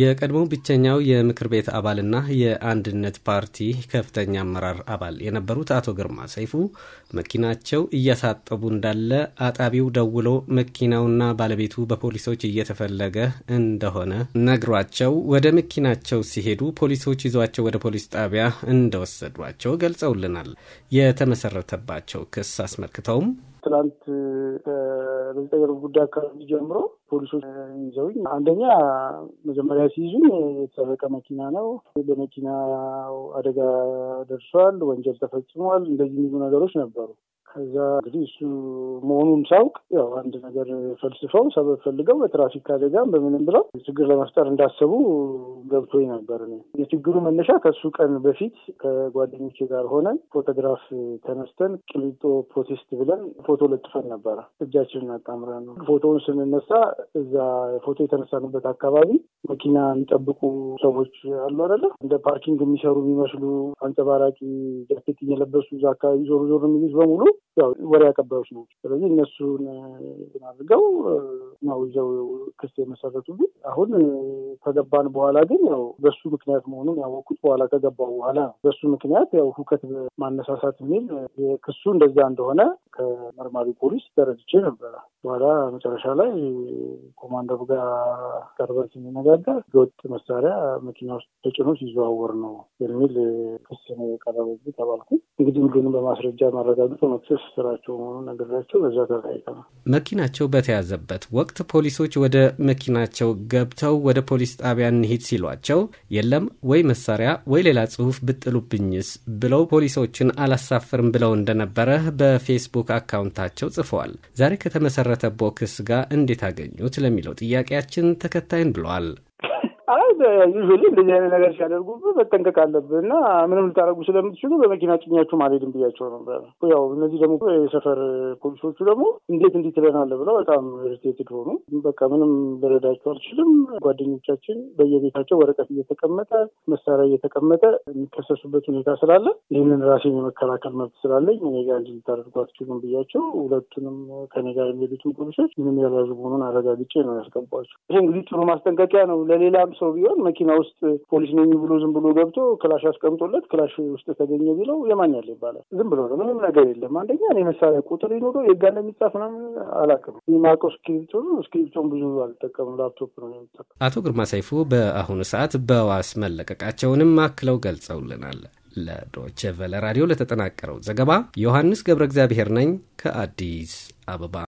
የቀድሞው ብቸኛው የምክር ቤት አባልና የአንድነት ፓርቲ ከፍተኛ አመራር አባል የነበሩት አቶ ግርማ ሰይፉ መኪናቸው እያሳጠቡ እንዳለ አጣቢው ደውሎ መኪናውና ባለቤቱ በፖሊሶች እየተፈለገ እንደሆነ ነግሯቸው ወደ መኪናቸው ሲሄዱ ፖሊሶች ይዟቸው ወደ ፖሊስ ጣቢያ እንደወሰዷቸው ገልጸውልናል። የተመሰረተባቸው ክስ አስመልክተውም ትላንት በዘጠኝ ጉዳይ አካባቢ ጀምሮ ፖሊሶች ይዘውኝ፣ አንደኛ መጀመሪያ ሲይዙኝ የተሰረቀ መኪና ነው፣ በመኪና አደጋ ደርሷል፣ ወንጀል ተፈጽሟል፣ እንደዚህ የሚሉ ነገሮች ነበሩ። ከዛ እንግዲህ እሱ መሆኑን ሳውቅ ያው አንድ ነገር ፈልስፈው ሰበብ ፈልገው በትራፊክ አደጋም በምንም ብለው ችግር ለመፍጠር እንዳሰቡ ገብቶኝ ነበር። የችግሩ መነሻ ከሱ ቀን በፊት ከጓደኞቼ ጋር ሆነን ፎቶግራፍ ተነስተን ቅልጦ ፕሮቴስት ብለን ፎቶ ለጥፈን ነበረ። እጃችንን አጣምረን ፎቶውን ስንነሳ እዛ ፎቶ የተነሳንበት አካባቢ መኪና የሚጠብቁ ሰዎች አሉ አይደለ? እንደ ፓርኪንግ የሚሰሩ የሚመስሉ አንጸባራቂ ጃኬት እየለበሱ እዛ አካባቢ ዞር ዞር የሚሉት በሙሉ ያው ወሬ አቀባዮች ናቸው። ስለዚህ እነሱን አድርገው ነው ይዘው ክስ ግን አሁን ከገባን በኋላ ግን ያው በሱ ምክንያት መሆኑን ያወቁት በኋላ ከገባው በኋላ ነው። በሱ ምክንያት ያው ሁከት ማነሳሳት የሚል ክሱ እንደዛ እንደሆነ ከመርማሪ ፖሊስ ተረድቼ ነበረ። በኋላ መጨረሻ ላይ ኮማንደሩ ጋር ቀርበን ስንነጋገር ህገወጥ መሳሪያ መኪና ውስጥ ተጭኖ ሲዘዋወር ነው የሚል ክስ ነው የቀረበብኝ ተባልኩኝ። እንግዲህ ሁሉንም በማስረጃ ማረጋግጦ መክሰስ ስራቸው መሆኑን ነገራቸው። በዛ ተለያይተ ነው። መኪናቸው በተያዘበት ወቅት ፖሊሶች ወደ መኪናቸው ገብተው ወደ ፖሊስ ጣቢያ እንሂድ ሲሏቸው የለም ወይ መሳሪያ ወይ ሌላ ጽሁፍ ብጥሉብኝስ ብለው ፖሊሶችን አላሳፍርም ብለው እንደነበረ በፌስቡክ አካውንታቸው ጽፈዋል። ዛሬ ከተመሰረተ ቦክስ ጋር እንዴት አገኙት ለሚለው ጥያቄያችን ተከታይን ብለዋል። ዩዥዋሊ እንደዚህ አይነት ነገር ሲያደርጉ መጠንቀቅ አለብህ እና ምንም ልታደርጉ ስለምትችሉ በመኪና ጭኛችሁ አልሄድም ብያቸው ነበር። ያው እነዚህ ደግሞ የሰፈር ፖሊሶቹ ደግሞ እንዴት እንዲህ ትለናለህ ብለው በጣም ሪቴትድ ሆኑ። በቃ ምንም ልረዳቸው አልችልም። ጓደኞቻችን በየቤታቸው ወረቀት እየተቀመጠ መሳሪያ እየተቀመጠ የሚከሰሱበት ሁኔታ ስላለ ይህንን ራሴን የመከላከል መብት ስላለኝ እኔ ጋር እንዲህ ልታደርጉ አትችሉም ብያቸው ሁለቱንም ከኔ ጋር የሚሄዱትን ፖሊሶች ምንም ያልያዙ መሆኑን አረጋግጬ ነው ያስገቧቸው። ይህ እንግዲህ ጥሩ ማስጠንቀቂያ ነው ለሌላም ሰው ቢሆን ነገር መኪና ውስጥ ፖሊስ ነኝ ብሎ ዝም ብሎ ገብቶ ክላሽ አስቀምጦለት ክላሽ ውስጥ ተገኘ ቢለው የማን ያለ ይባላል? ዝም ብሎ ነው። ምንም ነገር የለም። አንደኛ እኔ መሳሪያ ቁጥር ይኖሮ የጋ እንደሚጻፍ ምናምን አላውቅም። የማውቀው እስክሪብቶ ነው። እስክሪብቶን ብዙ አልጠቀምም። ላፕቶፕ ነው የሚጠቀም። አቶ ግርማ ሰይፉ በአሁኑ ሰዓት በዋስ መለቀቃቸውንም አክለው ገልጸውልናል። ለዶቼ ቨለ ራዲዮ ለተጠናቀረው ዘገባ ዮሐንስ ገብረ እግዚአብሔር ነኝ ከአዲስ አበባ